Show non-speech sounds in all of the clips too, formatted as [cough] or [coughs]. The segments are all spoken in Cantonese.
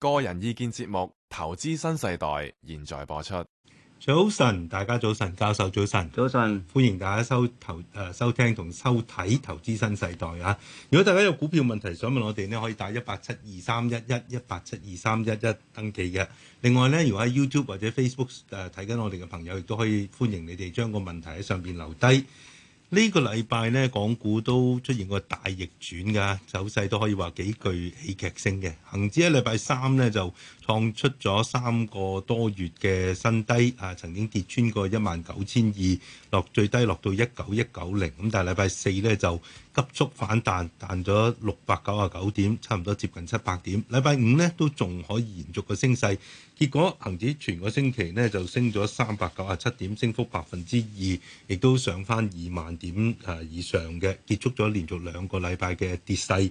個人意見節目《投資新世代》現在播出。早晨，大家早晨，教授早晨，早晨，歡迎大家收投誒收聽同收睇《投資新世代》啊！如果大家有股票問題想問我哋咧，可以打一八七二三一一一八七二三一一登記嘅。另外咧，如果喺 YouTube 或者 Facebook 誒睇緊我哋嘅朋友，亦都可以歡迎你哋將個問題喺上邊留低。呢個禮拜呢，港股都出現個大逆轉嘅走勢，都可以話幾具喜劇性嘅。恆指喺禮拜三呢就創出咗三個多月嘅新低，啊曾經跌穿過一萬九千二，落最低落到一九一九零，咁但係禮拜四呢就急速反彈，彈咗六百九啊九點，差唔多接近七百點。禮拜五咧都仲可以延續個升勢，結果恒指全個星期咧就升咗三百九啊七點，升幅百分之二，亦都上返二萬點誒以上嘅，結束咗連續兩個禮拜嘅跌勢。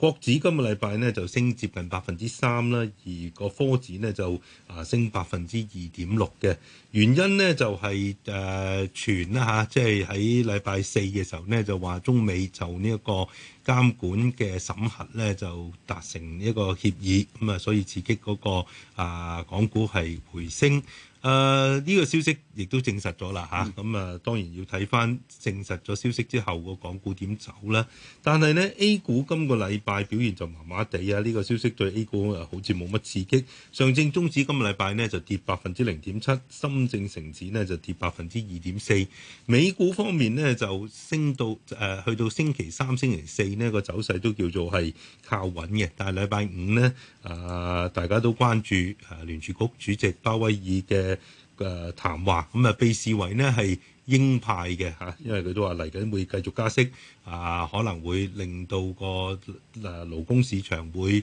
國指今個禮拜咧就升接近百分之三啦，而個科指咧就啊升百分之二點六嘅原因咧就係、是、誒、呃、傳啦嚇，即係喺禮拜四嘅時候咧就話中美就呢一個監管嘅審核咧就達成呢一個協議，咁啊所以刺激嗰、那個啊港股係回升。誒呢、uh, 個消息亦都證實咗啦嚇，咁、嗯、啊當然要睇翻證實咗消息之後個港股點走啦。但係呢 A 股今個禮拜表現就麻麻地啊！呢、這個消息對 A 股啊好似冇乜刺激。上證綜指今個禮拜呢就跌百分之零點七，深證成指呢就跌百分之二點四。美股方面呢就升到誒、呃、去到星期三、星期四呢個走勢都叫做係靠穩嘅，但係禮拜五呢，啊、呃、大家都關注啊聯儲局主席鮑威爾嘅嘅談話咁啊，被視為呢係鷹派嘅，吓，因為佢都話嚟緊會繼續加息，啊可能會令到個誒勞工市場會誒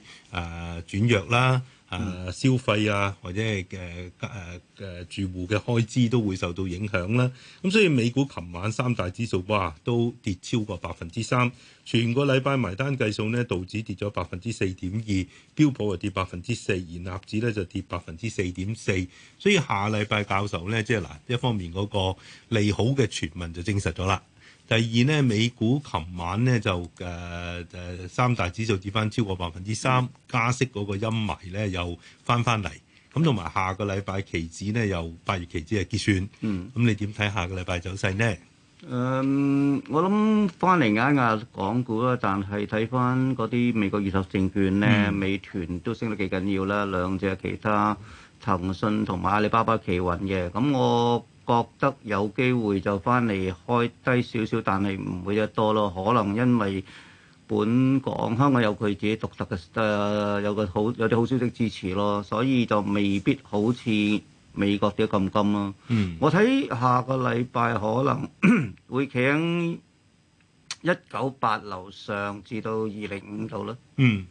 轉弱啦。誒、呃、消費啊，或者係誒誒住戶嘅開支都會受到影響啦。咁、嗯、所以美股琴晚三大指數哇都跌超過百分之三，全個禮拜埋單計數呢，道指跌咗百分之四點二，標普又跌百分之四，而納指呢就跌百分之四點四。所以下禮拜教授呢，即係嗱一方面嗰個利好嘅傳聞就證實咗啦。第二呢，美股琴晚呢就誒，誒、呃，三大指數跌翻超過百分之三，嗯、加息嗰個陰霾咧又翻翻嚟。咁同埋下個禮拜期指呢又八月期指嘅結算。嗯。咁你點睇下個禮拜走勢呢？誒、嗯，我諗翻嚟啱啱講港股啦，但係睇翻嗰啲美國二十證券呢，嗯、美團都升得幾緊要啦，兩隻其他騰訊同埋阿里巴巴企穩嘅。咁我。覺得有機會就翻嚟開低少少，但係唔會得多咯。可能因為本港香港有佢自己獨特嘅、呃，有個好有啲好消息支持咯，所以就未必好似美國啲咁金咯。嗯、我睇下個禮拜可能 [coughs] 會企喺一九八樓上至到二零五度啦。嗯。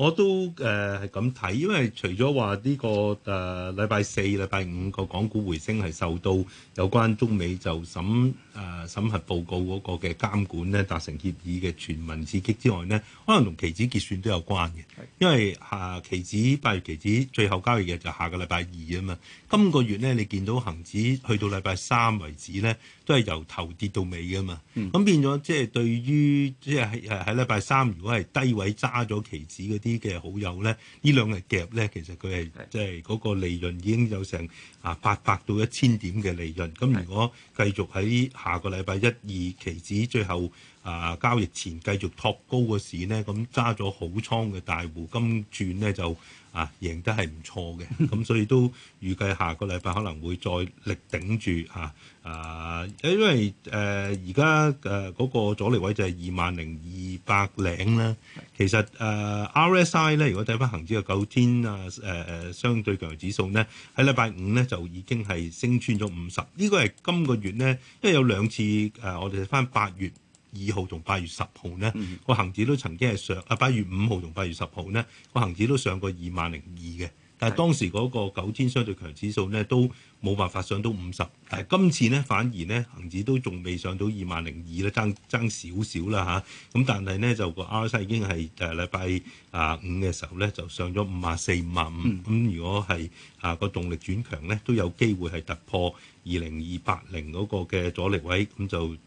我都誒係咁睇，因為除咗話呢個誒禮拜四、禮拜五個港股回升係受到有關中美就審。誒、啊、審核報告嗰個嘅監管咧，達成協議嘅全民刺激之外呢，可能同期指結算都有關嘅，因為下期指八月期指最後交易日就下個禮拜二啊嘛。今個月呢，你見到恒指去到禮拜三為止呢都係由頭跌到尾啊嘛。咁、嗯、變咗即係對於即係喺禮拜三如果係低位揸咗期指嗰啲嘅好友呢，呢兩日夾呢，其實佢係即係嗰個利潤已經有成啊八百到一千點嘅利潤。咁、嗯嗯、如果繼續喺下個禮拜一二期指最後啊交易前繼續托高個市呢，咁揸咗好倉嘅大戶金轉呢，就。啊，贏得係唔錯嘅，咁 [laughs] 所以都預計下，下個禮拜可能會再力頂住嚇啊，因為誒而家誒嗰個阻力位就係二萬零二百零啦。其實誒、呃、RSI 咧，如果睇翻恒指嘅九天啊誒誒相對強指數咧，喺禮拜五咧就已經係升穿咗五十，呢個係今個月咧，因為有兩次誒、呃，我哋睇翻八月。二號同八月十號咧，個恆、嗯、指都曾經係上啊，八月五號同八月十號咧，個恆指都上過二萬零二嘅。但係當時嗰個九天相對強指數咧都冇辦法上到五十，但係今次咧反而咧恒指都仲未上到二萬零二咧，爭爭少少啦嚇。咁、啊、但係咧就個 RSI 已經係誒禮拜啊五嘅時候咧就上咗五十四五十五。咁如果係啊個動力轉強咧，都有機會係突破二零二八零嗰個嘅阻力位。咁就誒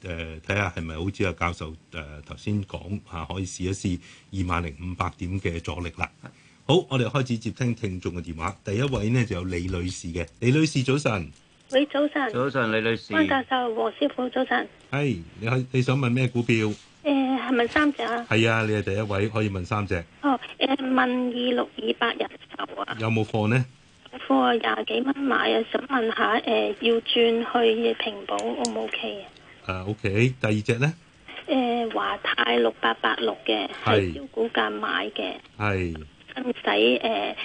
睇下係咪好似阿教授誒頭先講嚇，可以試一試二萬零五百點嘅阻力啦。好，我哋開始接聽聽眾嘅電話。第一位呢就有李女士嘅，李女士早晨。喂，早晨。早晨，李女士。關教授，黃師傅早晨。係，你你想問咩股票？誒，係咪三隻啊？係啊，你係第一位，可以問三隻。哦，誒，問二六二八人壽啊？有冇貨呢？貨廿幾蚊買啊，想問下誒，要轉去平保 O 唔 OK 啊？誒，O K。第二隻呢？誒，華泰六八八六嘅係招股價買嘅。係。使誒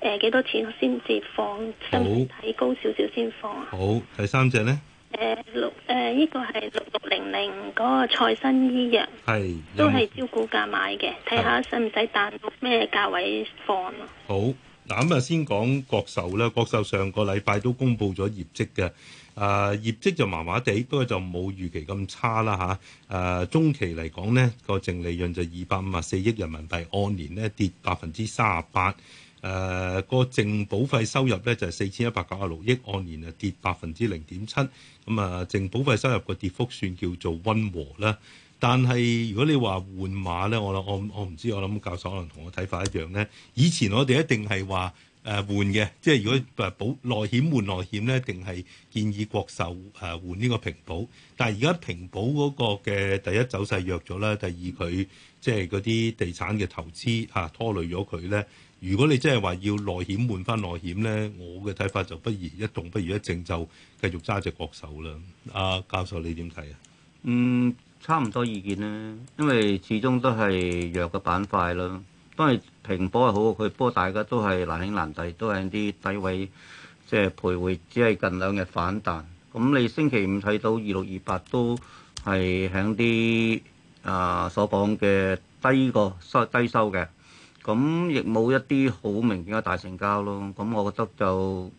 誒，幾多錢先至放身體好高少少先放。好，第三隻呢，誒、呃、六誒呢、呃這個係六六零零嗰個賽新醫藥，係都係招股價買嘅，睇下使唔使彈到咩價位放啊？好，嗱咁啊先講國壽啦，國壽上個禮拜都公布咗業績嘅。誒、啊、業績就麻麻地，不過就冇預期咁差啦嚇。誒、啊、中期嚟講呢，個淨利潤就二百五十四億人民幣，按年咧跌百分之三十八。誒個淨保費收入呢，就係四千一百九十六億，按年啊跌百分之零點七。咁啊，淨保費收入個跌、啊、跌幅算叫做溫和啦。但係如果你話換馬呢，我諗我我唔知，我諗教授可能同我睇法一樣呢。以前我哋一定係話。誒換嘅，即係如果誒保內險換內險咧，定係建議國壽誒、啊、換呢個平保？但係而家平保嗰個嘅第一走勢弱咗啦，第二佢即係嗰啲地產嘅投資嚇、啊、拖累咗佢咧。如果你真係話要內險換翻內險咧，我嘅睇法就不如一動不如一靜，就繼續揸隻國壽啦。阿、啊、教授你點睇啊？嗯，差唔多意見啦，因為始終都係弱嘅板塊咯。都係平保好，佢波大家都係難兄難弟，都喺啲低位，即係徘徊，只係近兩日反彈。咁你星期五睇到二六二八都係喺啲啊所講嘅低個收低收嘅，咁亦冇一啲好明顯嘅大成交咯。咁我覺得就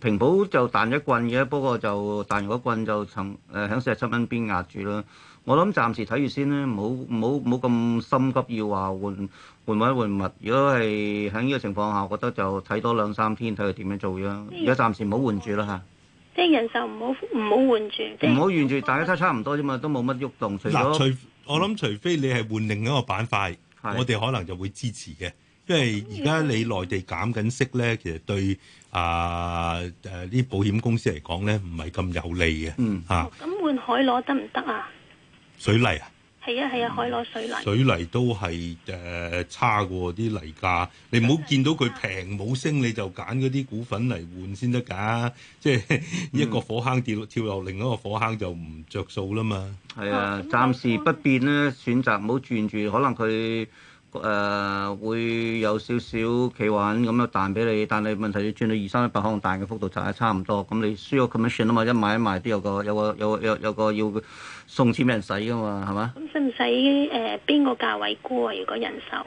平保就彈一棍嘅，不過就彈咗一棍就趁誒喺四十七蚊邊壓住啦。我諗暫時睇住先咧，冇冇冇咁心急要話換換物換物。如果係喺呢個情況下，我覺得就睇多兩三天，睇佢點樣做啫。而家暫時唔好換住啦嚇。啲人壽唔好唔好換住。唔好換住，大家差差唔多啫嘛，都冇乜喐動。除咗，我諗除非你係換另一個板塊，嗯、我哋可能就會支持嘅。因為而家你內地減緊息咧，其實對啊誒啲保險公司嚟講咧，唔係咁有利嘅。嗯嚇。咁、嗯啊、換海螺得唔得啊？行水泥啊，係啊係啊，海螺水泥。水泥都係誒差過啲泥價，你唔好見到佢平冇升你就揀嗰啲股份嚟換先得㗎，即係一個火坑跌跳落另一個火坑就唔着數啦嘛。係啊，暫時不變咧，選擇唔好轉住，可能佢誒會有少少企穩咁樣彈俾你，但係問題要轉到二三一八康彈嘅幅度就係差唔多，咁你需要 commission 啊嘛，一買一賣都有個有個有有有個要。送錢俾人使噶嘛，係嘛？咁使唔使誒邊個價位沽啊？如果人壽，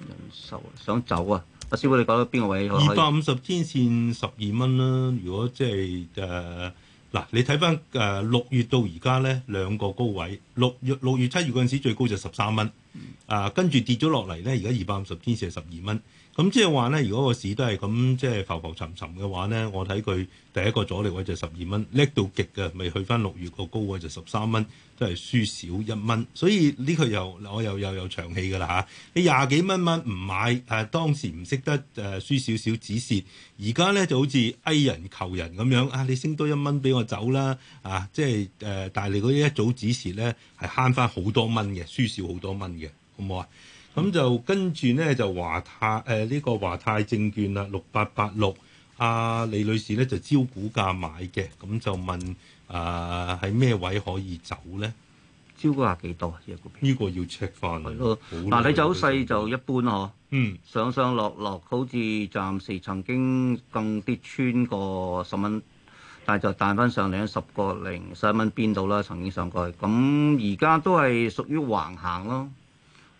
人壽、啊、想走啊！阿、啊、師傅你講咗邊個位？二百五十天線十二蚊啦。如果即係誒嗱，你睇翻誒六月到而家咧兩個高位，六月六月七月嗰陣時最高就十三蚊，嗯、啊跟住跌咗落嚟咧，而家二百五十天線係十二蚊。咁、嗯、即係話咧，如果個市都係咁即係浮浮沉沉嘅話咧，我睇佢第一個阻力位就十二蚊，叻到極嘅，未去翻六月個高位就十三蚊，都係輸少一蚊。所以呢個又我又又又長氣㗎啦嚇！你廿幾蚊蚊唔買，誒、啊、當時唔識得誒輸少少止蝕，而家咧就好似哎，人求人咁樣啊！你升多一蚊俾我走啦啊！即係誒、啊，但係你嗰一早止蝕咧係慳翻好多蚊嘅，輸少好多蚊嘅，好唔好啊？咁、嗯、就跟住咧就華泰誒呢個華泰證券啦，六八八六，阿李女士咧就招股價買嘅，咁就問啊喺咩位可以走咧？招股價幾多？呢個要 check 翻。嗱的、啊、你走勢就一般呵。啊、嗯，上上落落，好似暫時曾經更跌穿過十蚊，但係就彈翻上嚟十個零十一蚊邊度啦，曾經上過去。咁而家都係屬於橫行咯。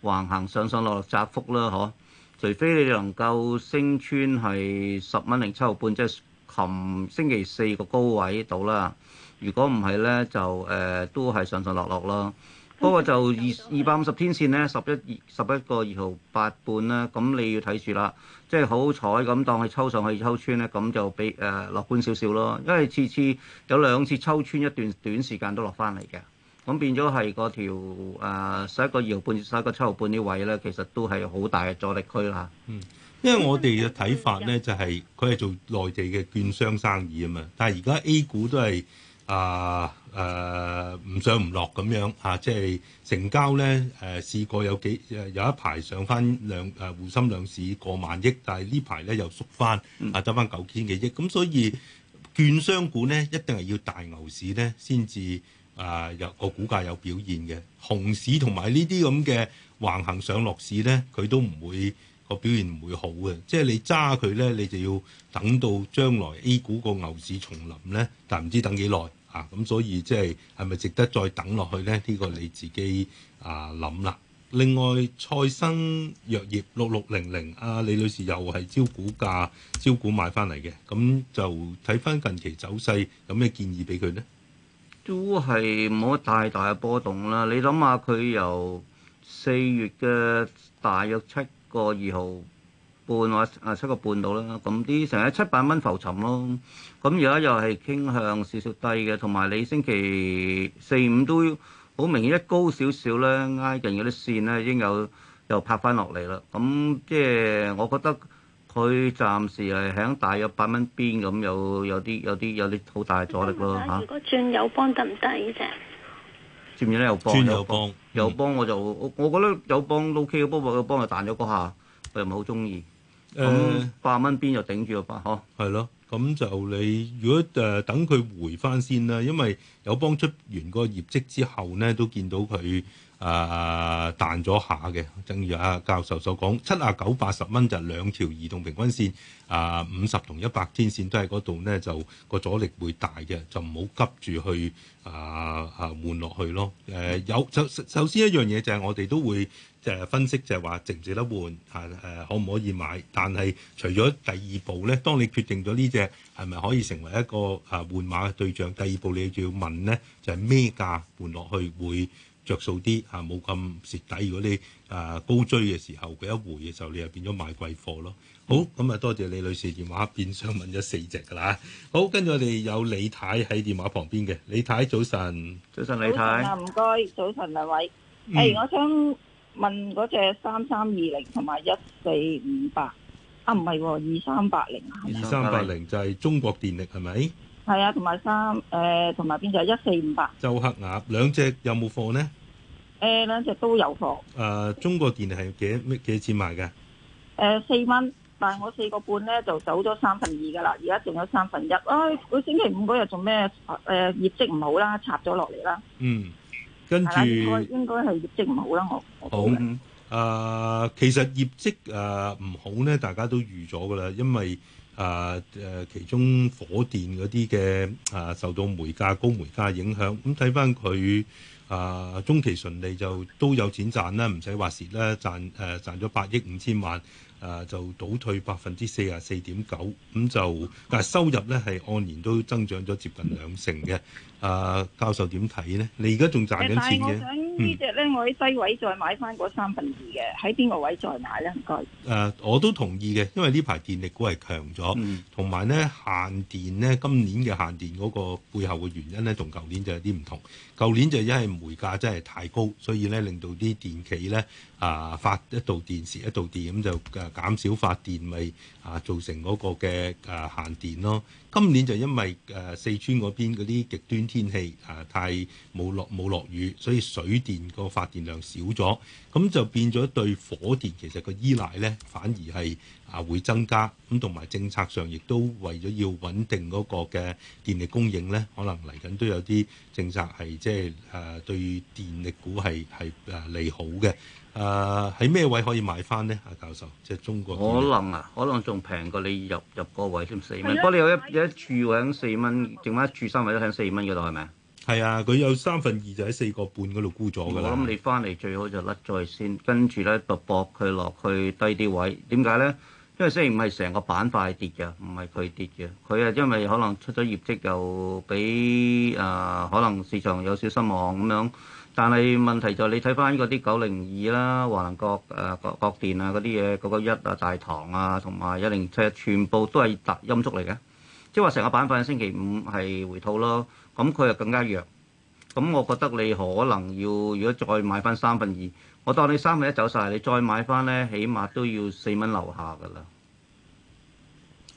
橫行上上落落窄幅啦，嗬、啊！除非你能夠升穿係十蚊零七毫半，即係琴星期四個高位度啦。如果唔係呢，就誒、呃、都係上上落落咯。不過、嗯、就二二百五十天線呢，十一十一個二毫八半呢，咁你要睇住啦。即係好彩咁當佢抽上去抽穿呢咁就比誒、呃、樂觀少少咯。因為次次有兩次抽穿一段短時間都落翻嚟嘅。咁變咗係、啊、個條誒十一個二號半至十一個七號半啲位咧，其實都係好大嘅助力區啦。嗯，因為我哋嘅睇法咧，就係佢係做內地嘅券商生意啊嘛。但係而家 A 股都係誒誒唔上唔落咁樣嚇，即、啊、係、就是、成交咧誒試過有幾、啊、有一排上翻兩誒滬深兩市過萬億，但係呢排咧又縮翻啊，得翻九千幾億。咁所以券商股咧一定係要大牛市咧先至。啊！有個股價有表現嘅熊市同埋呢啲咁嘅橫行上落市呢佢都唔會個表現唔會好嘅。即係你揸佢呢，你就要等到將來 A 股個牛市重臨呢，但唔知等幾耐啊！咁所以即係係咪值得再等落去呢？呢、呢個你自己啊諗啦。另外，賽生藥業六六零零，阿、啊、李女士又係招股價招股買翻嚟嘅，咁就睇翻近期走勢有咩建議俾佢呢？都係冇乜太大嘅波動啦。你諗下，佢由四月嘅大約七個二毫半或啊七個半到啦，咁啲成日七百蚊浮沉咯。咁而家又係傾向少少低嘅，同埋你星期四五都好明顯一高少少咧，挨近嗰啲線咧已經有又拍翻落嚟啦。咁即係我覺得。佢暫時係喺大約八蚊邊咁，有有啲有啲有啲好大阻力咯嚇。啊、如果轉友邦得唔得呢隻？轉完咧友邦，友邦邦、嗯、我就，我覺得友邦 OK 嘅幫，不過佢幫我彈咗嗰下，我又唔係好中意。咁八蚊邊就頂住個八呵。係咯、呃、咁、啊、就你如果誒、呃、等佢回翻先啦，因為友邦出完個業績之後咧，都見到佢。誒、呃、彈咗下嘅，正如啊教授所講，七啊九八十蚊就兩條移動平均線，啊五十同一百天線都喺嗰度，呢就個阻力會大嘅，就唔好急住去啊啊換落去咯。誒、呃、有就首先一樣嘢就係我哋都會誒分析，就係話值唔值得換，誒、呃、可唔可以買？但係除咗第二步呢，當你決定咗呢隻係咪可以成為一個啊換馬嘅對象，第二步你就要問呢，就係咩價換落去會着數啲嚇，冇咁蝕底。如果你啊高追嘅時候，佢一回嘅時候，你又變咗買貴貨咯。好，咁啊多謝李女士電話，變相問咗四隻噶啦。好，跟住我哋有李太喺電話旁邊嘅。李太早晨，早晨李太，唔該、啊，早晨兩、啊、位。係、嗯欸，我想問嗰隻三三二零同埋一四五八啊，唔係二三八零，二三八零就係中國電力係咪？係啊，同埋三誒，同埋邊隻一四五八。周黑鴨兩隻有冇貨呢？誒，兩隻都有貨。誒、呃，中國電力係幾多？咩？幾多錢賣噶誒，四蚊，但係我四個半咧，就走咗三分二噶啦而家剩咗三分一。唉、哎，佢星期五嗰日做咩？誒、呃，業績唔好啦，插咗落嚟啦。嗯，跟住應該係業績唔好啦。我好誒、呃，其實業績誒唔好咧，大家都預咗噶啦因為誒誒、呃呃，其中火電嗰啲嘅誒受到煤價高煤價、煤價影響，咁睇翻佢。啊、呃，中期順利就都有錢賺啦，唔使話蝕啦，賺誒、呃、賺咗八億五千萬，誒、呃、就倒退百分之四啊四點九，咁就但係收入咧係按年都增長咗接近兩成嘅。啊、呃，教授點睇咧？你而家仲賺緊錢嘅。呢隻咧，我喺低位再買翻嗰三分二嘅，喺邊個位再買咧？唔該。誒，我都同意嘅，因為呢排電力股係強咗，同埋咧限電咧，今年嘅限電嗰個背後嘅原因咧，同舊年就有啲唔同。舊年就因為煤價真係太高，所以咧令到啲電企咧啊發一度電時一度電咁就誒減少發電咪。啊，造成嗰個嘅誒、啊、限電咯。今年就因為誒、啊、四川嗰邊嗰啲極端天氣啊，太冇落冇落雨，所以水電個發電量少咗，咁就變咗對火電其實個依賴咧，反而係啊會增加。咁同埋政策上，亦都為咗要穩定嗰個嘅電力供應咧，可能嚟緊都有啲政策係即係誒對電力股係係誒利好嘅。誒喺咩位可以買翻呢？阿教授，即、就、係、是、中國可能啊，可能仲平過你入入個位先。四蚊。的不過你有一的一處位四蚊，剩翻一處三位都喺四蚊嗰度，係咪啊？係啊，佢有三分二就喺四個半嗰度沽咗㗎。我諗你翻嚟最好就甩咗先，跟住咧就搏佢落去低啲位。點解咧？因為雖然唔係成個板塊跌㗎，唔係佢跌嘅。佢啊，因為可能出咗業績又俾誒、呃，可能市場有少失望咁樣。但係問題就係你睇翻嗰啲九零二啦、華能國、誒國國電啊嗰啲嘢，九九一啊、1，大唐啊，同埋一零七，全部都係大陰燭嚟嘅。即係話成個板塊星期五係回吐咯，咁佢又更加弱。咁、嗯、我覺得你可能要如果再買翻三分二，我當你三分一走晒，你再買翻咧，起碼都要四蚊樓下㗎啦。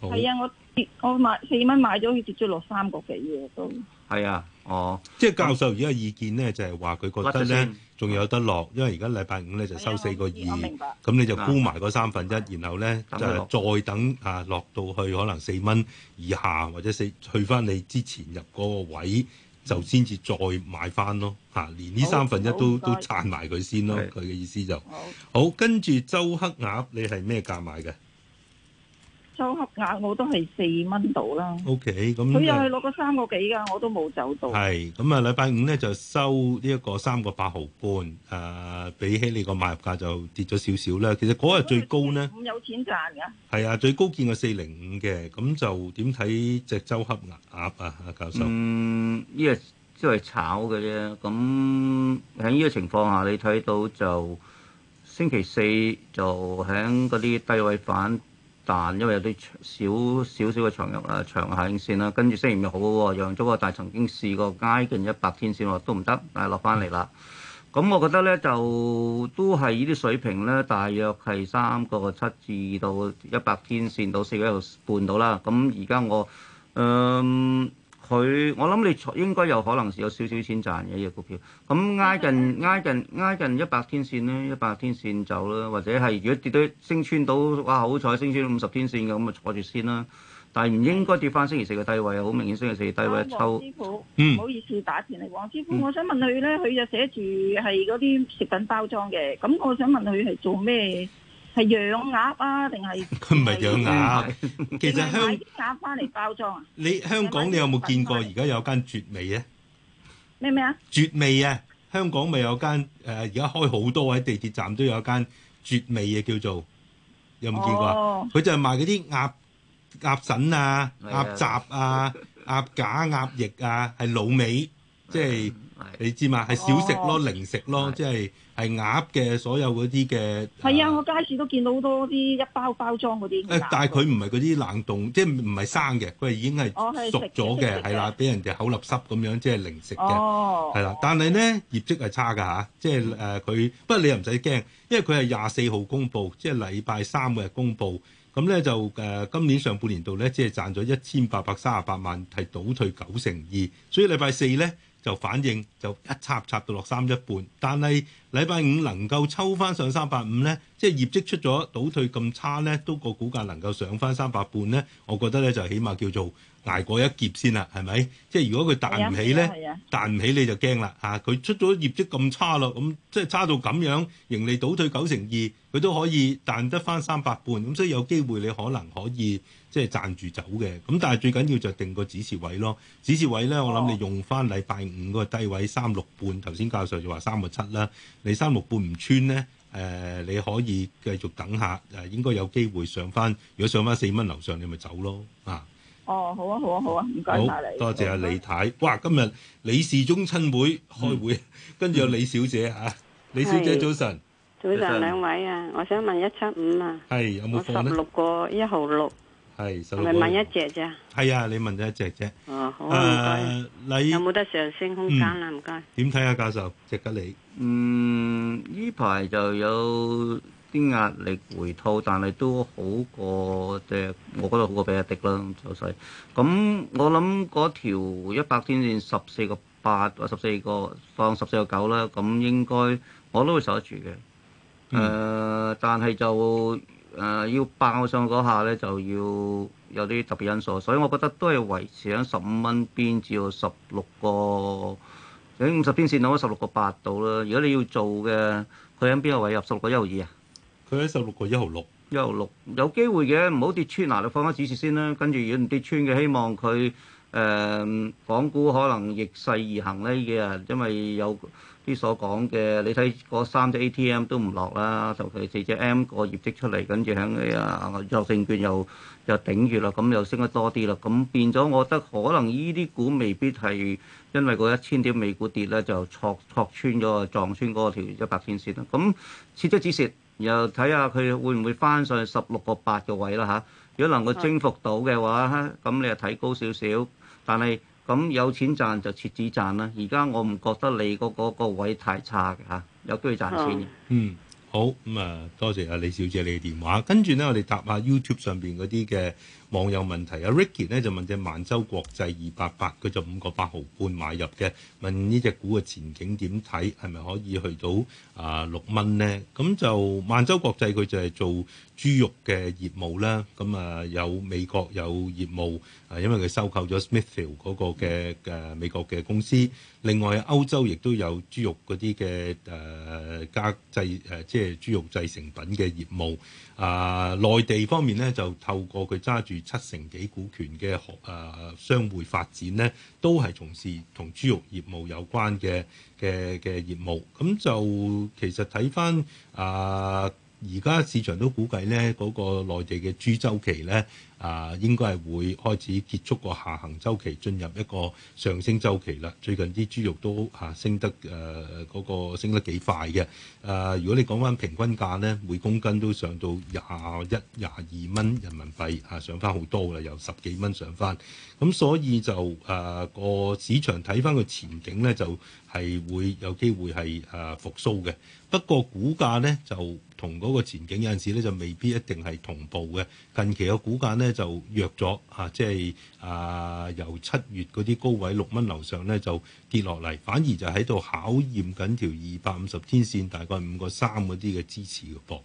係好啊，我跌我買四蚊買咗，跌咗落三個幾嘅都。係啊。哦，即係教授而家嘅意見咧，就係話佢覺得咧，仲有得落，因為而家禮拜五咧就收四個二，咁你就沽埋嗰三分一的，然後咧的就再等啊落到去可能四蚊以下或者四去翻你之前入嗰個位，就先至再買翻咯嚇，連呢三分一都好都撐埋佢先咯。佢嘅的意思就好，好跟住周黑鴨，你係咩價買嘅？周黑鴨我都係四蚊到啦。O K，咁佢又係攞個三個幾噶，我都冇走到。係咁啊，禮、嗯、拜五咧就收呢一個三個八毫半。誒、呃，比起你個買入價就跌咗少少啦。其實嗰日最高呢，咁有錢賺噶？係啊，最高見個四零五嘅。咁就點睇隻周黑鴨啊？阿教授，嗯，呢個即係炒嘅啫。咁喺呢個情況下，你睇到就星期四就喺嗰啲低位反。但因為有啲少少少嘅長入誒，長下影線啦，跟住雖然又好喎，養咗個大，但係曾經試過挨近一百天線喎，都唔得，但係落翻嚟啦。咁、嗯嗯嗯、我覺得咧就都係呢啲水平咧，大約係三個七至到一百天線到四個一度半到啦。咁而家我嗯。嗯嗯佢，我諗你應該有可能是有少少錢賺嘅一隻股票。咁、嗯、挨、嗯、近挨近挨近一百天線啦，一百天線走啦，或者係如果跌到升穿到哇，好彩升穿五十天線嘅，咁啊坐住先啦。但係唔應該跌翻星期四嘅低位啊，好明顯星期四嘅低位一抽。師傅，唔秋、嗯、好意思打電嚟，黃師傅，嗯嗯、我想問佢咧，佢就寫住係嗰啲食品包裝嘅，咁我想問佢係做咩？係養鴨啊？定係佢唔係養鴨，其實香港啲鴨翻嚟包裝啊！你香港你有冇見過？而家有間絕味咧咩咩啊？絕味啊！香港咪有間誒？而家開好多喺地鐵站都有間絕味嘅叫做有冇見過？哦，佢就係賣嗰啲鴨鴨腎啊、鴨雜啊、鴨架、鴨翼啊，係滷味即係。你知嘛？係小食咯，哦、零食咯，是即係係鴨嘅所有嗰啲嘅。係啊，呃、我街市都見到好多啲一包包裝嗰啲。但係佢唔係嗰啲冷凍，即係唔係生嘅，佢已經係熟咗嘅，係啦、哦，俾的人哋口立濕咁樣，即係零食嘅，係啦、哦。但係咧、嗯、業績係差㗎吓。即係誒佢不過你又唔使驚，因為佢係廿四號公佈，即係禮拜三嘅公佈。咁咧就誒今年上半年度咧，即係賺咗一千八百三十八萬，係倒退九成二，所以禮拜四咧。就反應就一插插到落三一半，但係禮拜五能夠抽翻上三百五呢？即係業績出咗倒退咁差呢？都個股價能夠上翻三百半呢？我覺得呢，就起碼叫做捱過一劫先啦，係咪？即係如果佢彈唔起呢？彈唔起你就驚啦嚇，佢、啊、出咗業績咁差咯，咁即係差到咁樣，盈利倒退九成二，佢都可以彈得翻三百半，咁所以有機會你可能可以。即係站住走嘅，咁但係最緊要就定個指示位咯。指示位咧，我諗你用翻禮拜五個低位三六半，頭先教授就話三個七啦。你三六半唔穿咧，誒、呃、你可以繼續等下，誒、呃、應該有機會上翻。如果上翻四蚊樓上，你咪走咯啊！哦，好啊，好啊，好啊，唔該曬你。好，多謝阿、啊、李太。謝謝哇，今日李氏宗親會開會，嗯、跟住有李小姐啊，李小姐是早晨，早晨兩位啊，我想問一七五啊，係有冇放咧？我十六個一號六。係，我咪問一隻啫。係啊，你問咗一隻啫。哦，好唔該。有冇得上升空間啦？唔該。點睇啊，教授？值得你？嗯，呢排就有啲壓力回吐，但係都好過即係，我覺得好過比亞迪啦走勢。咁我諗嗰條一百天線十四個八或十四個放十四個九啦，咁應該我都會守得住嘅。誒，但係就。誒、呃、要爆上嗰下咧，就要有啲特別因素，所以我覺得都係維持喺十五蚊邊至到十六個，喺五十天線到咗十六個八度啦。如果你要做嘅，佢喺邊個位入十六個一毫二啊？佢喺十六個一毫六。一毫六有機會嘅，唔好跌穿嗱，你放翻指示先啦。跟住如果唔跌穿嘅，希望佢誒、呃、港股可能逆勢而行呢依嘢，因為有。啲所講嘅，你睇嗰三隻 ATM 都唔落啦，就埋四隻 M 個業績出嚟，跟住喺啊，作證券又又頂住啦，咁又升得多啲啦，咁變咗，我覺得可能依啲股未必係因為個一千點美股跌咧，就挫挫穿咗撞穿嗰條一百天線啦。咁切咗止蝕，又睇下佢會唔會翻上去十六個八個位啦嚇、啊。如果能夠征服到嘅話，咁你又睇高少少，但係。咁有錢賺就設止賺啦！而家我唔覺得你個嗰個位太差嘅，吓，有機會賺錢。好嗯，好咁啊，多謝啊李小姐你嘅電話跟住咧，我哋答下 YouTube 上邊嗰啲嘅。網友問題，阿 Ricky 咧就問隻萬洲國際二百八，佢就五個八毫半買入嘅，問呢隻股嘅前景點睇，係咪可以去到啊六蚊呢？咁就萬洲國際佢就係做豬肉嘅業務啦。咁啊、呃、有美國有業務，啊、呃、因為佢收購咗 Smithfield 嗰個嘅誒、呃、美國嘅公司，另外歐洲亦都有豬肉嗰啲嘅誒加製誒即係豬肉製成品嘅業務。啊！呃，內地方面咧，就透過佢揸住七成幾股權嘅學誒商會發展咧，都係從事同豬肉業務有關嘅嘅嘅業務。咁就其實睇返啊，呃，而家市場都估計咧，嗰個內地嘅豬周期咧。啊，應該係會開始結束個下行周期，進入一個上升周期啦。最近啲豬肉都啊升得誒嗰、呃那個升得幾快嘅。誒、呃，如果你講翻平均價呢，每公斤都上到廿一、廿二蚊人民幣啊，上翻好多噶啦，由十幾蚊上翻。咁所以就誒個、呃、市場睇翻個前景呢，就係會有機會係誒、呃、復甦嘅。不過股價呢就同嗰個前景有陣時呢，就未必一定係同步嘅。近期嘅股價呢。就弱咗吓、啊，即係啊由七月嗰啲高位六蚊樓上咧，就跌落嚟，反而就喺度考驗緊條二百五十天線大概五個三嗰啲嘅支持嘅噃。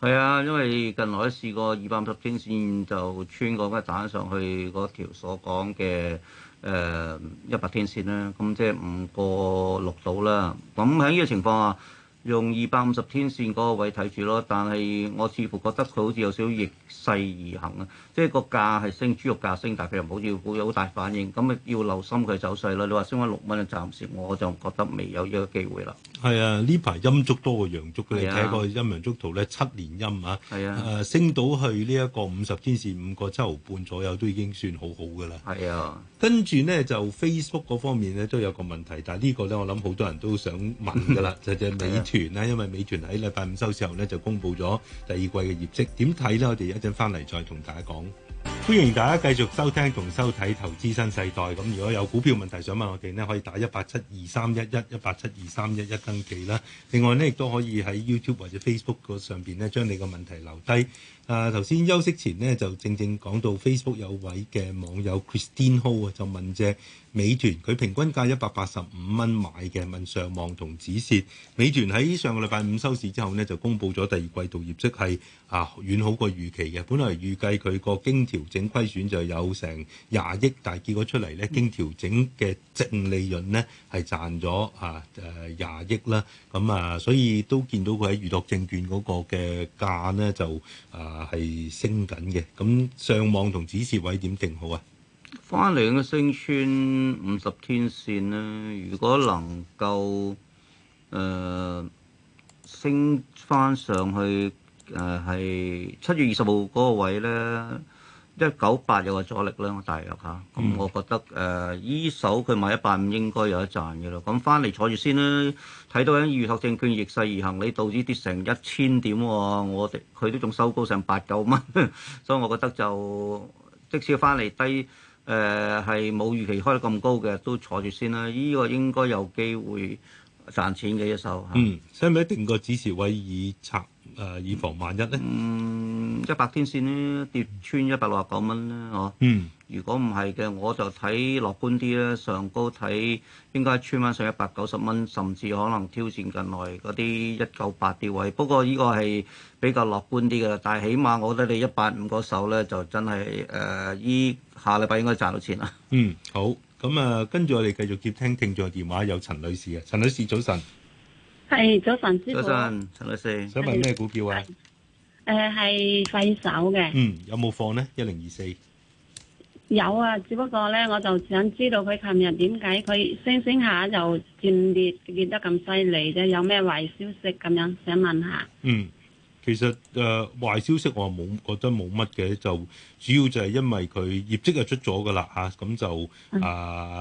係啊，因為近來都試過二百五十天線就穿過咁樣彈上去嗰條所講嘅誒一百天線啦，咁即係五個六度啦。咁喺呢個情況下。用二百五十天線嗰個位睇住咯，但係我似乎覺得佢好似有少少逆勢而行啊！即係個價係升，豬肉價升，但係佢又唔好似冇有好大反應，咁咪要留心佢走勢咯。你話升返六蚊，暫時我就覺得未有呢個機會啦。係啊，呢排陰足多過陽足嘅，睇過陰陽足圖咧，七年陰啊。係啊，升到去呢一個五十天線五個七毫半左右都已經算好好嘅啦。係啊，跟住呢就 Facebook 嗰方面咧都有個問題，但係呢個咧我諗好多人都想問㗎啦，就係美團咧，因為美團喺禮拜五收市後咧就公布咗第二季嘅業績，點睇呢？我哋一陣翻嚟再同大家講。 [music] 歡迎大家繼續收聽同收睇《投資新世代》。咁如果有股票問題想問我哋呢，可以打一八七二三一一一八七二三一一登記啦。另外呢，亦都可以喺 YouTube 或者 Facebook 嗰上邊呢，將你個問題留低。啊！頭先休息前呢，就正正講到 Facebook 有位嘅網友 Kristine Ho 啊，就問隻美團，佢平均價一百八十五蚊買嘅，問上望同止蝕。美團喺上個禮拜五收市之後呢，就公布咗第二季度業績係啊遠好過預期嘅。本來預計佢個經調整虧損就有成廿億，但係結果出嚟呢，嗯、經調整嘅淨利潤呢係賺咗啊誒廿億啦。咁啊，所以都見到佢喺裕達證券嗰個嘅價呢，就啊～啊係升緊嘅，咁上網同指示位點定好啊？翻嚟嘅升穿五十天線啦，如果能夠誒、呃、升翻上去誒，係、呃、七月二十號嗰個位咧。一九八有個阻力啦，我大約嚇。咁、嗯啊、我覺得誒，呢、呃、手佢買一百五應該有得賺嘅咯。咁翻嚟坐住先啦。睇到喺預託證券逆勢而行，你導致跌成一千點喎、啊，我哋佢都仲收高成八九蚊， [laughs] 所以我覺得就即使翻嚟低誒係冇預期開得咁高嘅，都坐住先啦。呢、這個應該有機會賺錢嘅一手嚇。嗯，使唔使定個指示位以測？誒，以防萬一咧，嗯，一百天線呢跌穿一百六十九蚊咧，哦、啊，嗯，如果唔係嘅，我就睇樂觀啲咧，上高睇應該穿翻上一百九十蚊，甚至可能挑戰近來嗰啲一九八啲位。不過呢個係比較樂觀啲嘅，但係起碼我覺得你一百五嗰手咧就真係誒，依、呃、下禮拜應該賺到錢啦。嗯，好，咁啊，跟住我哋繼續接聽聽眾電話，有陳女士啊，陳女士早晨。係早晨，師早晨七六四，想問咩股票啊？誒，係快手嘅。嗯，有冇放呢？一零二四有啊，只不過咧，我就想知道佢琴日點解佢升升下就戰，跌跌得咁犀利啫？有咩壞消息咁樣？想問下。嗯。其實誒、呃、壞消息我冇覺得冇乜嘅，就主要就係因為佢業績係出咗噶啦嚇，咁、啊、就啊、